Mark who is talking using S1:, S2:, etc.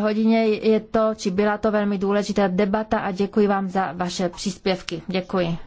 S1: hodině je to, či byla to velmi důležitá debata a děkuji vám za vaše příspěvky. Děkuji.